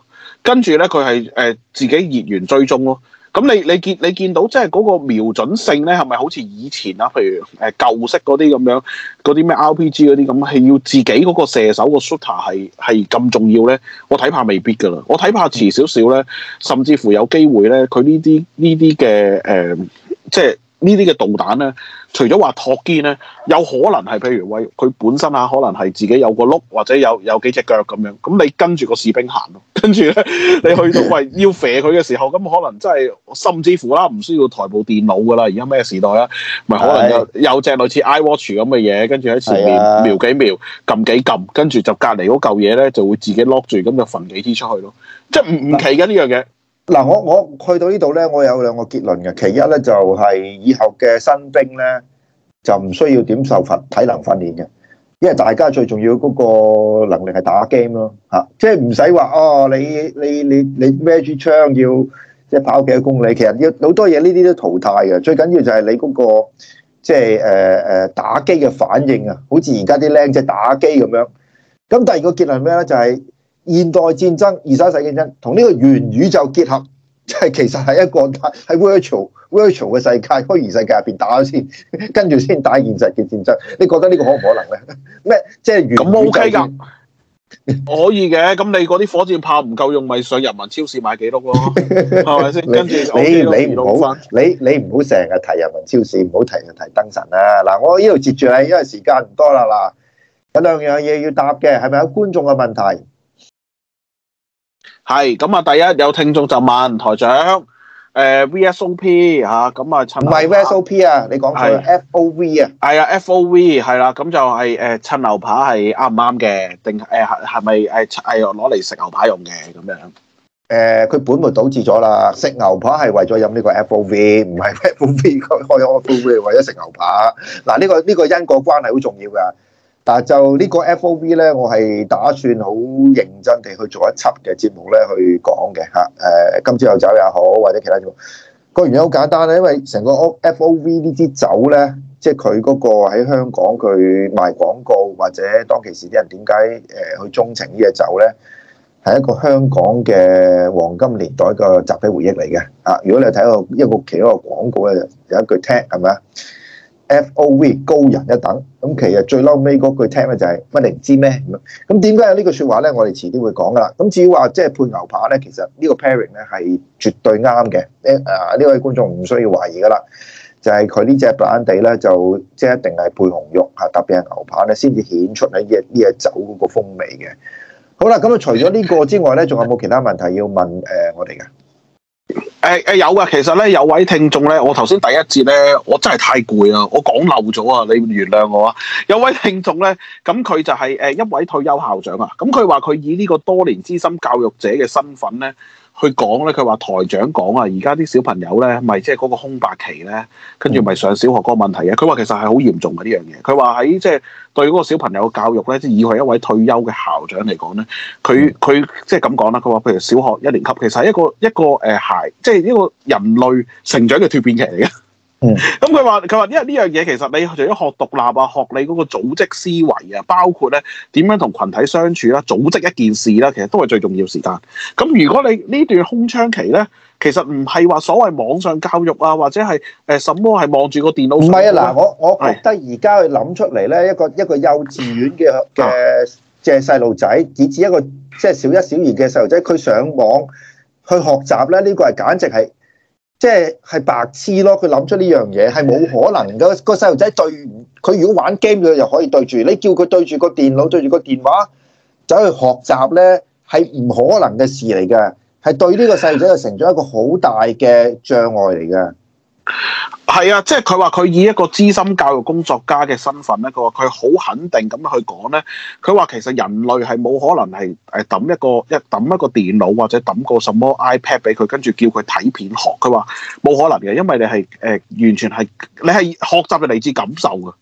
[SPEAKER 1] 跟住咧佢係誒自己熱源追蹤咯。咁，你你見你見到即係嗰個瞄準性咧，係咪好似以前啊？譬如誒、呃、舊式嗰啲咁樣，嗰啲咩 RPG 嗰啲咁，係要自己嗰個射手個 shooter 係係咁重要咧？我睇怕未必噶啦，我睇怕遲少少咧，甚至乎有機會咧，佢呢啲呢啲嘅誒，即係。呢啲嘅導彈咧，除咗話托肩咧，有可能係譬如喂佢本身嚇、啊，可能係自己有個碌或者有有幾隻腳咁樣。咁、嗯、你跟住個士兵行咯，跟住咧你去到喂要射佢嘅時候，咁、嗯、可能真係甚至乎啦，唔需要台部電腦噶啦。而家咩時代啦，咪的可能有有隻類似 iWatch 咁嘅嘢，跟住喺前面的瞄幾瞄，撳幾撳，跟住就隔離嗰嚿嘢咧就會自己 lock 住，咁就焚幾支出去咯。即係唔唔奇嘅呢樣嘢。的嗱，我我去到呢度咧，我有兩個結論嘅。其一咧就
[SPEAKER 2] 係以後嘅新兵咧就唔需要點受訓，體能訓練嘅，因為大家最重要嗰個能力係打 game 咯，吓，即係唔使話哦，你你你你孭住槍要即係跑幾多公里，其實有好多嘢呢啲都淘汰嘅。最緊要就係你嗰個即係誒誒打機嘅反應啊，好似而家啲靚仔打機咁樣。咁第二個結論咩咧？就係。現代戰爭，二十一世紀戰爭同呢個元宇宙結合，即係其實係一個喺 virtual virtual 嘅世界虛擬世界入邊打咗先，跟住先打現實嘅戰爭。你覺得呢個可唔可能咧？咩即係元宇宙？咁 OK 噶，
[SPEAKER 1] 可以嘅。咁你嗰啲火箭炮唔夠用，咪、就是、上人民超市買幾碌咯？係咪先？跟住你你唔好
[SPEAKER 2] 你你唔好成日提人民超市，唔好提人提燈神啦。嗱，我呢度截住你，因為時間唔多啦。嗱，有兩樣嘢要答嘅，係咪有觀眾嘅問題？
[SPEAKER 1] 係咁啊！第一有聽眾就問台長，誒 V S O P 吓，咁啊趁牛扒唔係 V S
[SPEAKER 2] O P 啊，你講佢 F O V
[SPEAKER 1] 啊？係啊，F O V 係啦，咁就係誒趁牛扒係啱唔啱嘅？定誒係係咪誒係攞嚟食牛扒用嘅咁樣？
[SPEAKER 2] 誒，佢本末倒置咗啦，食牛扒係為咗飲呢個 F O V，唔係 F O V 佢開 F O V 為咗食牛扒。嗱，呢個呢個因果關係好重要㗎。但就呢個 F O V 呢，我係打算好認真地去做一輯嘅節目呢去講嘅嚇。誒、呃，今朝有酒也好，或者其他節目。個原因好簡單咧，因為成個 F O V 呢支酒呢，即係佢嗰個喺香港佢賣廣告或者當其時啲人點解誒去鍾情呢隻酒呢，係一個香港嘅黃金年代嘅集體回憶嚟嘅。啊，如果你睇個一個其一個廣告呢，有一句聽係咪？F.O.V. 高人一等，咁其實最嬲尾嗰句聽咧就係、是、乜你唔知咩？咁點解有句呢句説話咧？我哋遲啲會講噶啦。咁至於話即係配牛扒咧，其實呢個 pairing 咧係絕對啱嘅。呢啊呢位觀眾唔需要懷疑噶啦，就係、是、佢呢隻白蘭地咧就即係一定係配紅肉嚇，特別係牛扒咧先至
[SPEAKER 1] 顯出喺呢隻酒嗰個風味嘅。
[SPEAKER 2] 好啦，咁啊除咗呢個之外咧，仲有冇其他問題要問誒我哋嘅？
[SPEAKER 1] 誒誒、呃，有㗎，其實咧有位聽眾咧，我頭先第一節咧，我真係太攰喇，我講漏咗啊，你原諒我啊。有位聽眾咧，咁佢就係、是、誒、呃、一位退休校長啊，咁佢話佢以呢個多年資深教育者嘅身份咧。佢講咧，佢話台長講啊，而家啲小朋友咧，咪即係嗰個空白期咧，跟住咪上小學個問題嘅。佢話其實係好嚴重嘅呢樣嘢。佢話喺即係對嗰個小朋友嘅教育咧，即係以佢一位退休嘅校長嚟講咧，佢佢即係咁講啦。佢話譬如小學一年級，其實係一個一個誒、呃、鞋，即係一個人類成長嘅蛻變期嚟嘅。咁佢話佢話，因為呢樣嘢其實你除咗學獨立啊，學你嗰個組織思維啊，包括咧點樣同群體相處啦、啊，組織一件事啦、啊，其實都係最重要時間。咁、嗯、如果你呢段空窗期咧，其實唔係話所謂網上教育啊，或者係誒、呃、什麼係望住個電腦。唔係啊，嗱、啊，我我
[SPEAKER 2] 覺得而家去諗出嚟咧，唉一個一個幼稚園嘅嘅隻細路仔，嗯、以至一個即係、就是、小一小小、小二嘅細路仔，佢上網去學習咧，呢、這個係簡直係。即係白痴咯，佢諗出呢樣嘢係冇可能噶個細路仔對，佢如果玩 game 佢又可以對住，你叫佢對住個電腦對住個電話走去學習呢，係唔可能嘅事嚟嘅，係對呢個細路仔係成咗一個好大嘅障礙嚟嘅。
[SPEAKER 1] 係啊，即係佢話佢以一個資深教育工作家嘅身份咧，佢話佢好肯定咁去講咧。佢話其實人類係冇可能係誒抌一個一抌一個電腦或者抌個什麼 iPad 俾佢，跟住叫佢睇片學。佢話冇可能嘅，因為你係誒、呃、完全係你係學習嘅嚟自感受嘅，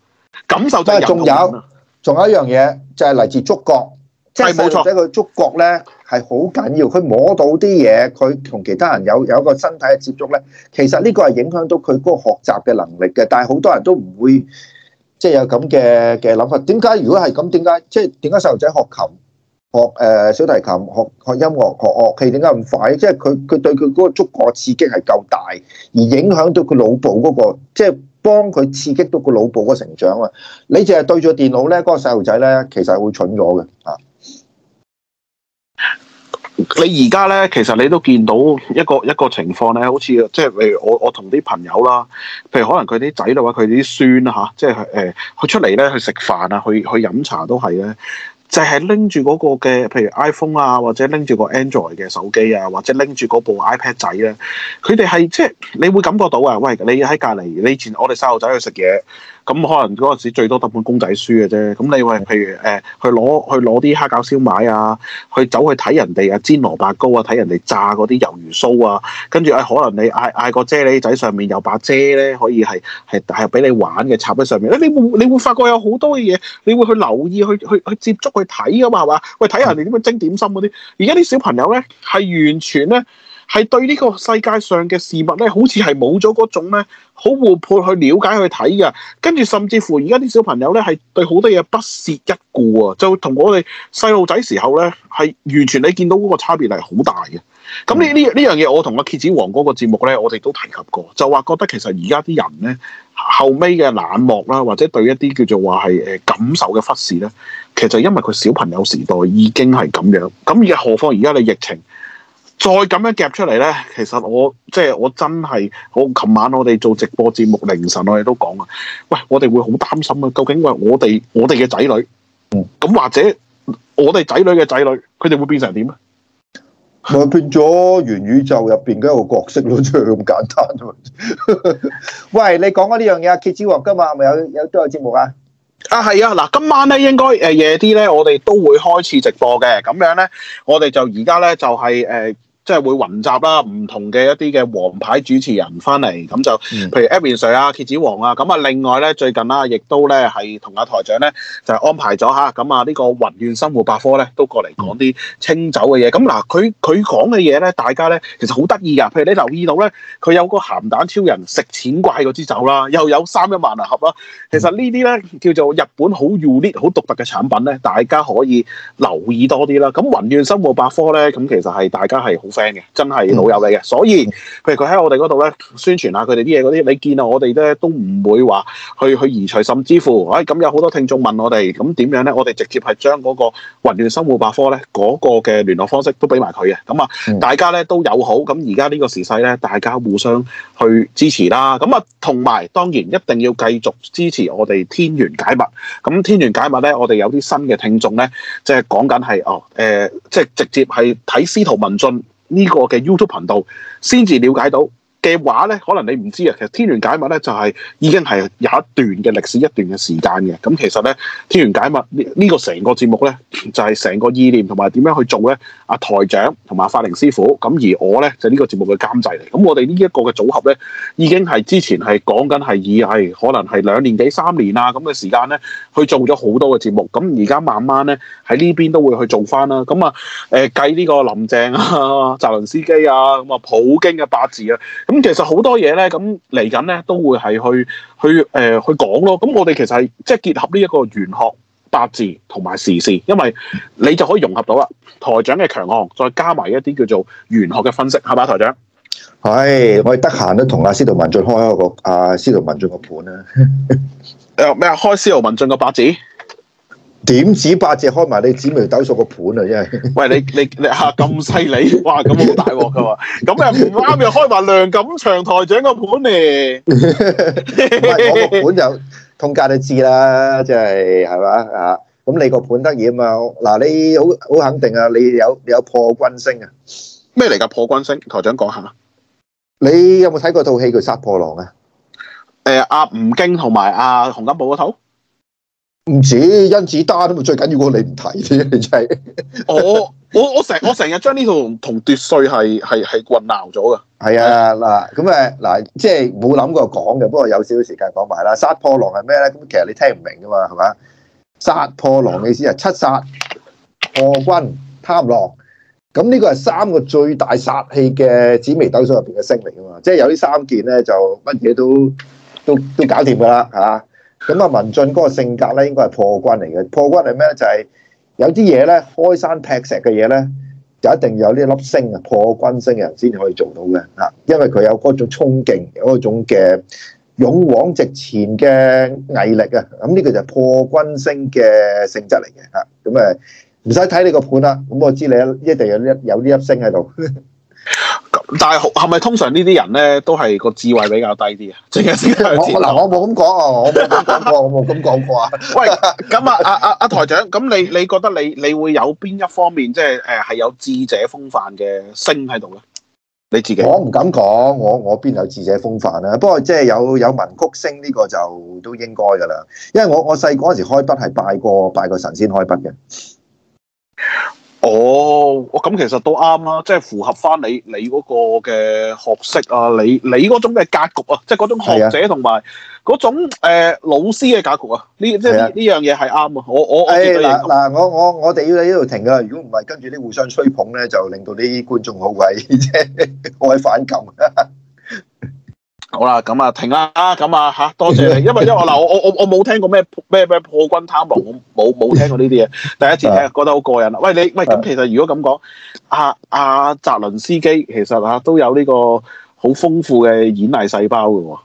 [SPEAKER 1] 感受真係。仲有仲
[SPEAKER 2] 有一樣嘢就係、是、嚟自觸覺。即係細路仔佢觸覺咧係好緊要，佢摸到啲嘢，佢同其他人有有一個身體嘅接觸咧，其實呢個係影響到佢嗰個學習嘅能力嘅。但係好多人都唔會即係有咁嘅嘅諗法。點解如果係咁？點解即係點解細路仔學琴、學誒小提琴、學學音樂、學樂器點解咁快？即係佢佢對佢嗰個觸覺刺激係夠大，而影響到佢腦部嗰個，即係幫佢刺激到個腦部嗰成長啊！你淨係對住電腦咧，嗰個細路仔咧其實會蠢咗嘅啊！
[SPEAKER 1] 你而家咧，其實你都見到一個一個情況咧，好似即係例如我我同啲朋友啦，譬如可能佢啲仔嘅話，佢啲孫啊嚇，即係誒佢出嚟咧去食飯啊，去去，去飲茶都係咧，就係拎住嗰個嘅，譬如 iPhone 啊，或者拎住個 Android 嘅手機啊，或者拎住嗰部 iPad 仔咧，佢哋係即係你會感覺到啊，喂，你喺隔離，你前我哋細路仔去食嘢。咁、嗯、可能嗰陣時最多得本公仔書嘅啫。咁你話譬如誒、呃、去攞去攞啲蝦餃燒賣啊，去走去睇人哋啊煎蘿蔔糕啊，睇人哋炸嗰啲魷魚酥啊，跟住誒、哎、可能你嗌嗌個啫喱仔上面有把遮咧，可以係係係俾你玩嘅插喺上面。誒你會你會發覺有好多嘅嘢，你會去留意去去去接觸去睇噶嘛係嘛？喂，睇人哋點樣蒸點心嗰啲。而家啲小朋友咧係完全咧係對呢個世界上嘅事物咧，好似係冇咗嗰種咧。好活潑去了解去睇嘅，跟住甚至乎而家啲小朋友咧係對好多嘢不屑一顧啊，就同我哋細路仔時候咧係完全你見到嗰個差別係好大嘅。咁呢呢呢樣嘢我同阿蠍子王嗰個節目咧，我哋都提及過，就話覺得其實而家啲人咧後尾嘅冷漠啦，或者對一啲叫做話係誒感受嘅忽視咧，其實就因為佢小朋友時代已經係咁樣，咁而家何況而家你疫情。再咁樣夾出嚟咧，其實我即係我真係我琴晚我哋做直播節目凌晨我哋都講啊，喂，我哋會好擔心啊！究竟喂，我哋我哋嘅仔女，咁、嗯、或者我哋仔女嘅仔女，佢哋會變成點
[SPEAKER 2] 啊？變咗元宇宙入邊嘅一個角色咯，就咁簡單 喂，你講緊呢樣嘢，蠍子王今日係咪有有都有節目啊？
[SPEAKER 1] 啊，係啊！嗱，今晚咧應該誒夜啲咧，我哋都會開始直播嘅。咁樣咧，我哋就而家咧就係、是、誒。呃呃呃即係會雲集啦，唔同嘅一啲嘅皇牌主持人翻嚟，咁就譬如 Abby s 啊、蠍子王啊，咁啊另外咧最近啦，亦都咧係同阿台長咧就安排咗嚇，咁啊呢、這個雲願生活百科咧都過嚟講啲清酒嘅嘢。咁嗱、嗯，佢佢講嘅嘢咧，大家咧其實好得意噶。譬如你留意到咧，佢有個鹹蛋超人食錢怪嗰支酒啦，又有三一萬能盒啦。其實呢啲咧叫做日本好 unique 好獨特嘅產品咧，大家可以留意多啲啦。咁雲願生活百科咧，咁其實係大家係好。嘅，真係老友嚟嘅，所以譬如佢喺我哋嗰度咧，宣傳下佢哋啲嘢啲，你見到我哋咧都唔會話去去移除，甚至乎，哎，咁有好多聽眾問我哋，咁點樣咧？我哋直接係將嗰個雲端生活百科咧嗰個嘅聯絡方式都俾埋佢嘅，咁啊，大家咧都友好，咁而家呢個時勢咧，大家互相去支持啦，咁啊，同埋當然一定要繼續支持我哋天元解密，咁天元解密咧，我哋有啲新嘅聽眾咧，即係講緊係哦，誒、呃，即係直接係睇司徒文進。呢個嘅 YouTube 頻道先至了解到。嘅話咧，可能你唔知啊。其實天元解密咧就係、是、已經係有一段嘅歷史，一段嘅時間嘅。咁、嗯、其實咧，天元解密、這個、個呢個成個節目咧，就係、是、成個意念同埋點樣去做咧。阿台長同埋法靈師傅，咁而我咧就呢、是、個節目嘅監製嚟。咁、嗯、我哋呢一個嘅組合咧，已經係之前係講緊係以係可能係兩年幾三年啊咁嘅時間咧，去做咗好多嘅節目。咁而家慢慢咧喺呢邊都會去做翻啦。咁啊誒計呢個林鄭啊、澤倫斯基啊、咁啊普京嘅八字啊。咁其實好多嘢咧，咁嚟緊咧都會係去去誒、呃、去講咯。咁我哋其實係即係結合呢一個玄學八字同埋時事，因為你就可以融合到啦。台長嘅強項再加埋一啲叫做玄學嘅分析，係咪台長？
[SPEAKER 2] 係我哋得閒都同阿司徒文進開一個阿、
[SPEAKER 1] 啊、司徒文進個盤啦、啊。誒咩啊？開司徒文進個八字。
[SPEAKER 2] 點止八只開埋你紫微斗數個盤啊！真係，
[SPEAKER 1] 喂你你你吓咁犀利，哇咁好大鑊噶嘛？咁啊唔啱又開埋梁錦祥台長個盤嚟！我個盤就
[SPEAKER 2] 通街都知啦，即係係嘛啊？咁你個盤得意啊嘛？嗱你好好肯定啊！你有你有破軍星啊？
[SPEAKER 1] 咩嚟噶？破軍星台長講下。你有冇睇過套戲叫《殺破狼》啊？誒、啊，阿吳京同埋阿洪金寶嗰套。唔止，甄子丹，咁 啊！最緊要嗰你唔提。啫、嗯，你真係。我我我成我成日將呢套同奪帥係係係混淆咗噶。
[SPEAKER 2] 係啊，嗱咁誒，嗱即係冇諗過講嘅，不過有少少時間講埋啦。殺破狼係咩咧？咁其實你聽唔明噶嘛，係嘛？殺破狼嘅意思係七殺破軍貪狼，咁呢個係三個最大殺氣嘅紫微斗數入邊嘅星嚟噶嘛？即係有呢三件咧，就乜嘢都都都搞掂噶啦，吓、啊。咁啊，文進嗰個性格咧，應該係破軍嚟嘅。破軍係咩咧？就係、是、有啲嘢咧，開山劈石嘅嘢咧，就一定要有呢粒星啊。破軍星嘅人先可以做到嘅啊，因為佢有嗰種衝勁，有嗰種嘅勇往直前嘅毅力啊。咁呢個就係破軍星嘅性質嚟嘅啊。咁誒，唔使睇你個盤啦，咁我知你一定有啲有呢粒星喺度。
[SPEAKER 1] 但係係咪通常呢啲人咧都係個智慧比較低啲啊？即係嗱，我
[SPEAKER 2] 冇咁講啊，我冇咁講過， 我冇咁講過啊。
[SPEAKER 1] 喂，咁啊，阿阿阿台長，咁你你覺得你你會有邊一方面即係誒係有智者風範嘅聲喺度咧？
[SPEAKER 2] 你自己？我唔敢講，我我邊有智者風範啊？不過即係有有文曲星呢個就都應該噶啦。因為我我細個嗰時開筆係拜過拜過神仙開筆嘅。
[SPEAKER 1] 哦，我咁其實都啱啦，即係符合翻你你嗰個嘅學識啊，你你嗰種嘅格局啊，即係嗰種學者同埋嗰種老師嘅格局啊，呢即係呢樣嘢係啱啊！我我
[SPEAKER 2] 嗱我我我哋要喺呢度停噶，如果唔係跟住啲互相吹捧咧，就令到啲觀眾好鬼即係好鬼反感。
[SPEAKER 1] 好啦，咁啊停啦啊，咁啊嚇，多謝你，因為因為我嗱我我我冇聽過咩咩咩破軍貪狼，冇冇冇聽過呢啲嘢，第一次聽，覺得好過癮啦、啊。喂，你喂，咁其實如果咁講，阿阿澤倫斯基其實嚇、啊、都有呢個好豐富嘅演藝細胞嘅喎，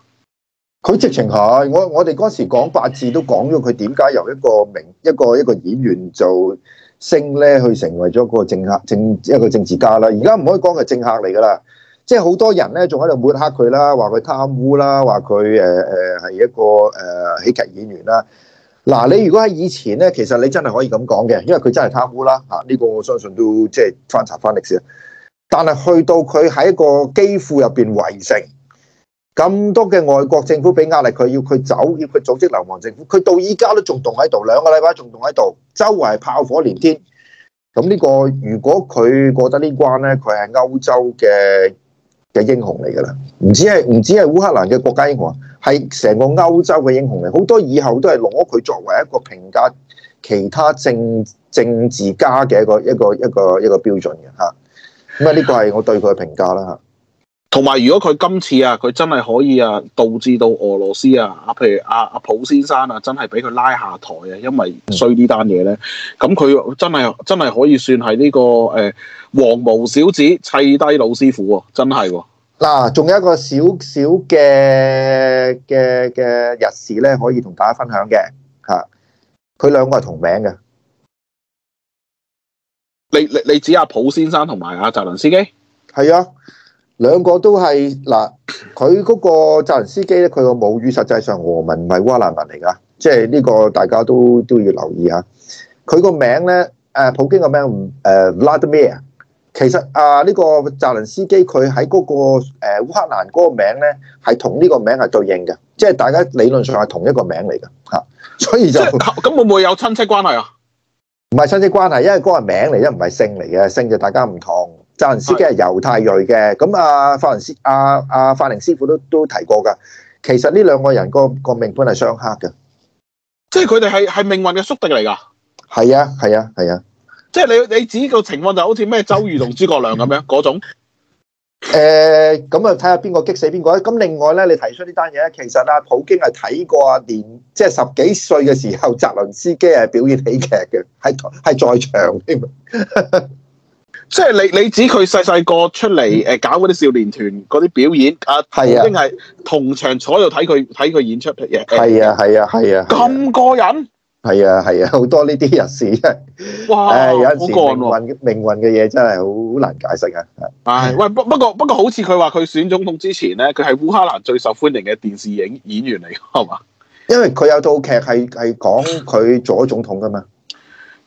[SPEAKER 2] 佢直情係我我哋嗰時講八字都講咗佢點解由一個名一個一個,一個演員做星咧，去成為咗一個政客政一個政治家啦。而家唔可以講係政客嚟噶啦。即係好多人咧，仲喺度抹黑佢啦，話佢貪污啦，話佢誒誒係一個誒、呃、喜劇演員啦。嗱、啊，你如果喺以前咧，其實你真係可以咁講嘅，因為佢真係貪污啦嚇。呢、啊這個我相信都即係翻查翻歷史。但係去到佢喺一個基輔入邊圍城，咁多嘅外國政府俾壓力，佢要佢走，要佢組織流亡政府。佢到依家都仲棟喺度，兩個禮拜仲棟喺度，周圍炮火連天。咁呢、這個如果佢過得關呢關咧，佢係歐洲嘅嘅英雄嚟噶啦，唔止係唔止係烏克蘭嘅國家英雄啊，係成個歐洲嘅英雄嚟，好多以後都係攞佢作為一個評價其他政政治家嘅一個一個一個一個標準嘅吓，咁啊呢個係我對佢嘅評價啦吓。
[SPEAKER 1] 同埋，如果佢今次啊，佢真係可以啊，導致到俄羅斯啊啊，譬如阿、啊、阿普先生啊，真係俾佢拉下台啊，因為衰呢單嘢咧，咁佢、嗯、真係真係可以算係呢、這個誒、呃、黃毛小子砌低老師傅喎、啊，真係喎、
[SPEAKER 2] 啊。嗱，仲有一個少少嘅嘅嘅日事咧，可以同大家分享嘅吓，佢兩個係同名嘅。你
[SPEAKER 1] 你你指阿、啊、普先生同埋阿澤倫斯基？
[SPEAKER 2] 係啊。兩個都係。嗱，佢嗰個澤林斯基咧，佢個母語實際上俄文，唔係烏蘭文嚟噶。即係呢個大家都都要留意啊。佢個名咧，誒普京個名唔 Vladimir 其實啊呢、呢個澤林斯基佢喺嗰個誒烏克蘭嗰個名咧，係同呢個名係對應嘅，即係大家理論上係同一個名嚟嘅嚇。
[SPEAKER 1] 所以就咁會唔會有親戚關係啊？
[SPEAKER 2] 唔係親戚關係，因為嗰個名嚟，一唔係姓嚟嘅，姓就大家唔同。澤連斯基係猶太裔嘅。咁的啊，法文師啊啊，法寧師傅都都提過噶。其實呢兩個人個個命盤係相克嘅，
[SPEAKER 1] 即係佢哋係係命運嘅宿敵嚟㗎。係啊，
[SPEAKER 2] 係啊，係啊。
[SPEAKER 1] 即係你你自己個情況就好似咩周瑜同諸葛亮咁樣嗰的種。
[SPEAKER 2] 咁啊、呃，睇下邊個激死邊個。咁另外咧，你提出呢單嘢咧，其實啊，普京係睇過啊，年即係十幾歲嘅時候，澤倫斯基係表演喜劇嘅，係係在場添。
[SPEAKER 1] 即係你，你指佢細細個出嚟誒搞嗰啲少年團嗰啲表演、嗯、啊，已經係同場坐度睇佢睇佢演出嘅嘢。
[SPEAKER 2] 係啊，係啊，係啊。咁過癮！係啊，係啊，好、啊、多呢啲人士。
[SPEAKER 1] 哇！哎、有陣時命運嘅
[SPEAKER 2] 命嘅嘢真係好好難解釋嘅。
[SPEAKER 1] 係喂、哎，不不，不過不過好似佢話佢選總統之前咧，佢係烏克蘭最受歡迎嘅電視影演員嚟㗎，係嘛？
[SPEAKER 2] 因為佢有套劇係係講佢做咗總統㗎嘛。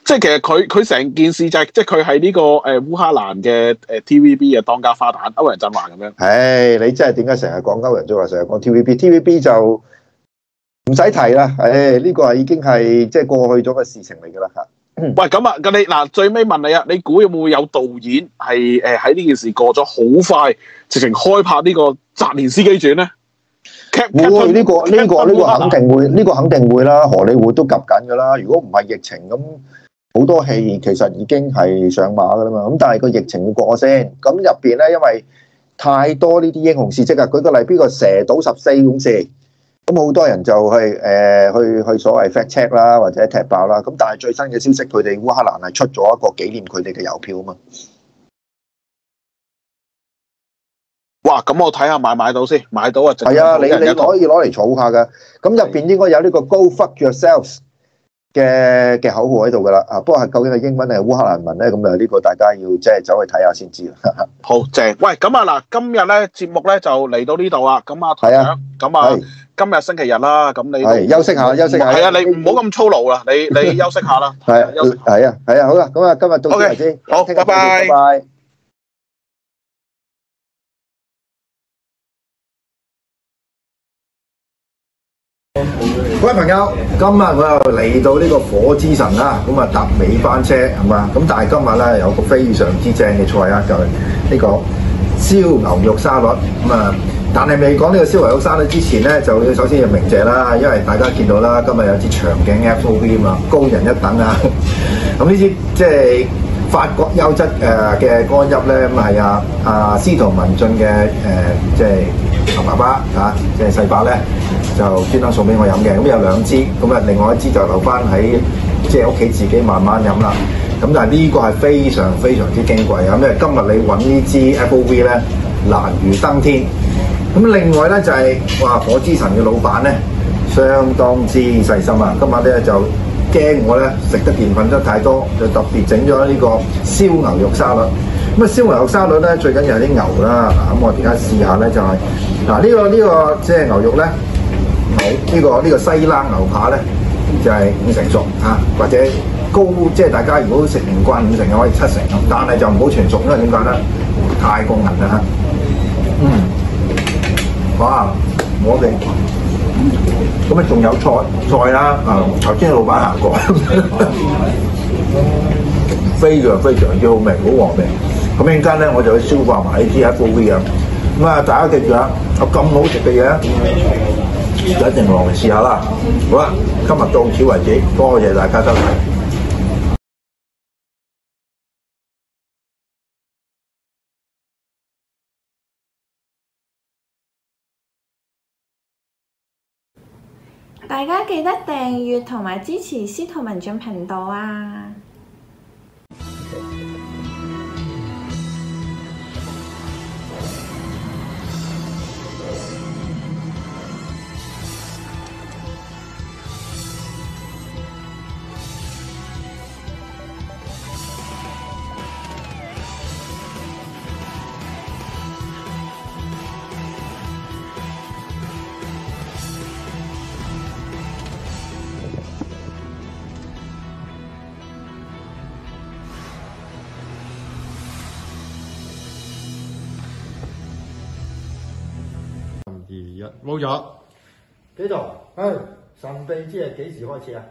[SPEAKER 1] 即係其實佢佢成件事就係、是、即係佢係呢個誒、呃、烏克蘭嘅誒 TVB 嘅當家花旦歐陽震華咁樣。
[SPEAKER 2] 唉，你真係點解成日講歐陽震華，成日講 TVB，TVB 就唔使提啦。誒，呢個係已經係即係過去咗嘅事情嚟噶啦
[SPEAKER 1] 吓。喂，咁啊，咁你嗱最尾問你啊，你估有冇有，有導演係誒喺呢件事過咗好快，直情開拍個連斯基呢、這個《澤連斯基傳》咧、這個？會呢個呢個呢個肯定會呢、這個這個肯定會啦。荷里活都夾緊噶啦，如果唔係疫情咁。
[SPEAKER 2] 好多戲其實已經係上馬噶啦嘛，咁但係個疫情會過先，咁入邊咧因為太多呢啲英雄事蹟啊，舉個例，邊個蛇島十四公司，咁好多人就去誒去去所謂 fact check 啦，或者踢爆啦，咁但係最新嘅消息，佢哋烏克蘭係出咗一個紀念佢哋嘅郵票啊嘛，
[SPEAKER 1] 哇，咁我睇下買買到先，買到啊，係啊，你你可以攞嚟
[SPEAKER 2] 儲下噶，咁入邊應該有呢個 Go Fuck Yourselves。嘅嘅口號喺度噶啦，啊，不過係究竟係英文定係烏克蘭文咧？咁啊，呢個大家要即係走去睇下先知啦。
[SPEAKER 1] 好正，喂，咁啊嗱，今日咧節目咧就嚟到呢度啦。咁啊，係啊，咁啊，今日星期日啦，咁你係休息下，休息下係啊，你唔好咁操勞啦，你你休
[SPEAKER 2] 息下啦，係係啊，係啊，好啦，咁啊，今日到呢度
[SPEAKER 1] 先，好，拜拜。各位朋友，今日我又嚟到呢個火之神啦，
[SPEAKER 2] 咁啊搭尾班車係嘛，咁但係今日咧有個非常之正嘅菜啊，就係呢個燒牛肉沙律。咁啊，但係未講呢個燒牛肉沙律之前咧，就要首先要鳴謝啦，因為大家見到啦，今日有支長頸 Apple v 啊，高人一等啊，咁呢啲即係，就是法國優質誒嘅乾邑咧，咁係啊啊，司徒文進嘅誒、呃，即係阿爸爸嚇，即係細伯咧，就專登送俾我飲嘅。咁、嗯、有兩支，咁、嗯、啊，另外一支就留翻喺即係屋企自己慢慢飲啦。咁、嗯、但係呢個係非常非常之矜貴啊！因、嗯、為今日你揾呢支 F.O.V 咧，難如登天。咁、嗯、另外咧就係、是、哇，火之神嘅老闆咧，相當之細心啊！今晚咧就～驚我咧食得澱粉質太多，就特別整咗呢個燒牛肉沙律。咁啊，燒牛肉沙律咧最緊要係啲牛啦。咁、啊、我而家試下咧就係、是、嗱，呢、啊這個呢、這個即係牛肉咧，好、這、呢個呢、這個西冷牛扒咧就係、是、五成熟啊，或者高即係、就是、大家如果食唔慣五成嘅可以七成，但係就唔好全熟，因為點解咧？太過韌啦嚇。嗯，哇好啊，我哋。咁啊，仲有菜菜啦，啊、嗯！頭先老闆行過呵呵，非常非常之好味，好和味。咁一陣間咧，我就去消化埋呢啲啊 v 啊。咁啊，大家記住啊，有咁好食嘅嘢，
[SPEAKER 1] 大家一定落嚟試下啦。好啦，今日到此為止，多謝大家收睇。大家記得訂閱同埋支持司徒文進頻道啊！
[SPEAKER 2] 冇咗，繼續，哎，神秘之夜幾時開始啊？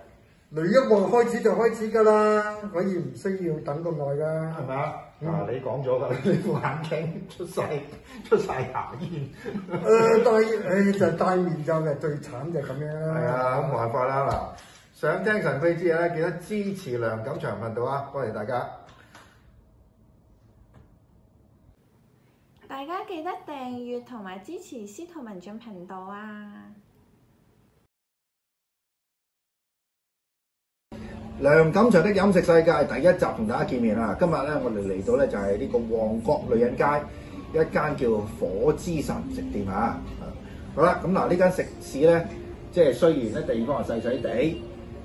[SPEAKER 2] 雷一望開始就開始噶啦，我亦唔需要等咁耐噶，係咪、嗯、啊？嗱，你講咗啦，你副眼鏡出晒出晒牙煙。誒、 呃，戴，誒、哎、就戴、是、面罩嘅，最慘就咁樣。係啊，咁冇辦法啦嗱。想聽神秘之夜咧，記得支持梁錦祥頻道啊，多謝大家。
[SPEAKER 1] 大家記得訂閱同埋支持司徒文進頻
[SPEAKER 2] 道啊！梁錦祥的飲食世界第一集同大家見面啦！今日咧，我哋嚟到咧就係、是、呢個旺角女人街一間叫火之神食店啊，啊！好啦，咁、啊、嗱，呢間食肆咧，即係雖然咧地方係細細地。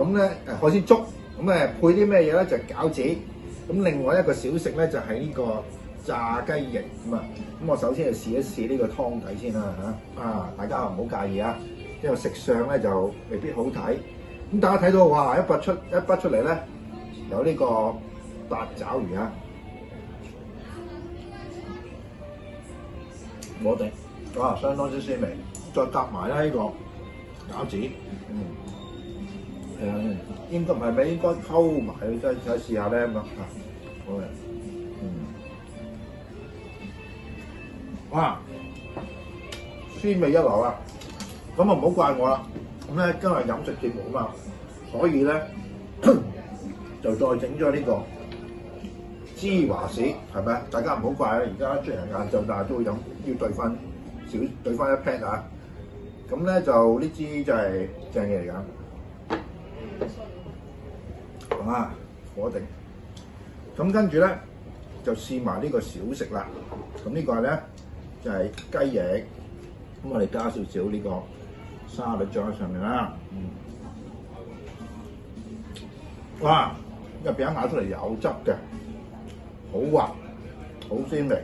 [SPEAKER 2] 咁咧誒海鮮粥，咁、嗯、誒配啲咩嘢咧？就係、是、餃子。咁、嗯、另外一個小食咧就係、是、呢個炸雞翼咁啊。咁、嗯嗯、我首先就試一試呢個湯底先啦嚇。啊，大家唔好介意啊，因為食相咧就未必好睇。咁、嗯、大家睇到哇，一拔出一拔出嚟咧，有呢個八爪魚啊，我頂！哇，相當之鮮味。再夾埋咧呢個餃子，嗯。係啊、嗯，應該唔係咩？應該溝埋，真係再試下咧咁啊！好嘅，嗯，哇，鮮味一流啊！咁啊唔好怪我啦。咁咧今日飲食節目啊嘛，所以咧 就再整咗呢個芝華士係咪啊？大家唔好怪啊！而家雖然晏晝，但係都要飲，要兌翻少，兌翻一 pack 啊！咁咧就呢支就係正嘢嚟㗎。啊！火定咁跟住咧，就試埋呢個小食啦。咁、這個、呢個咧就係、是、雞翼，咁我哋加少少呢個沙律醬喺上面啦、嗯。哇！入邊咬出嚟有汁嘅，好滑，好鮮味。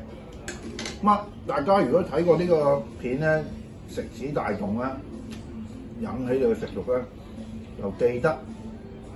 [SPEAKER 2] 咁大家如果睇過呢個片咧，食指大動啦，引起你嘅食慾咧，又記得。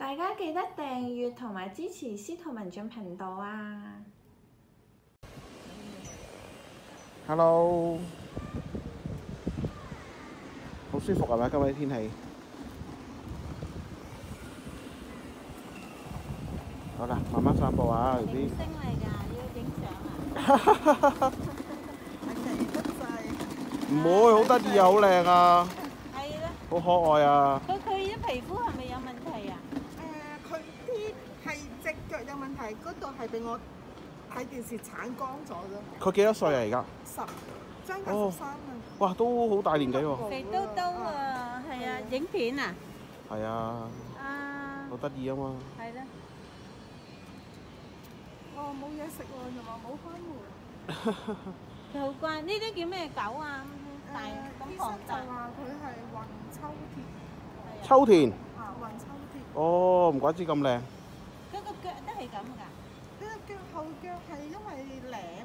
[SPEAKER 1] 大家記得訂閱同埋支持司徒文進頻道啊！Hello，好舒服啊，今日天氣。好啦，慢慢散步啊，有啲星星嚟㗎，要影相啊！哈哈哈！明星出世，唔會好得意啊，好靚啊，好可愛啊！嗰度係俾我喺電視鏟光咗啫。佢幾多歲呀，而家？十，將近十三啊。哇，都好大年紀喎。肥嘟嘟啊，係啊，影片啊。係啊。啊。好得意啊嘛。係啦。哦冇嘢食喎，仲話冇開門。佢好乖，呢啲叫咩狗啊？大金黃大。醫生就話佢係云秋田。秋田。啊，云秋田。哦，唔怪之咁靚。腳都係咁㗎，佢個腳後腳係因為攔。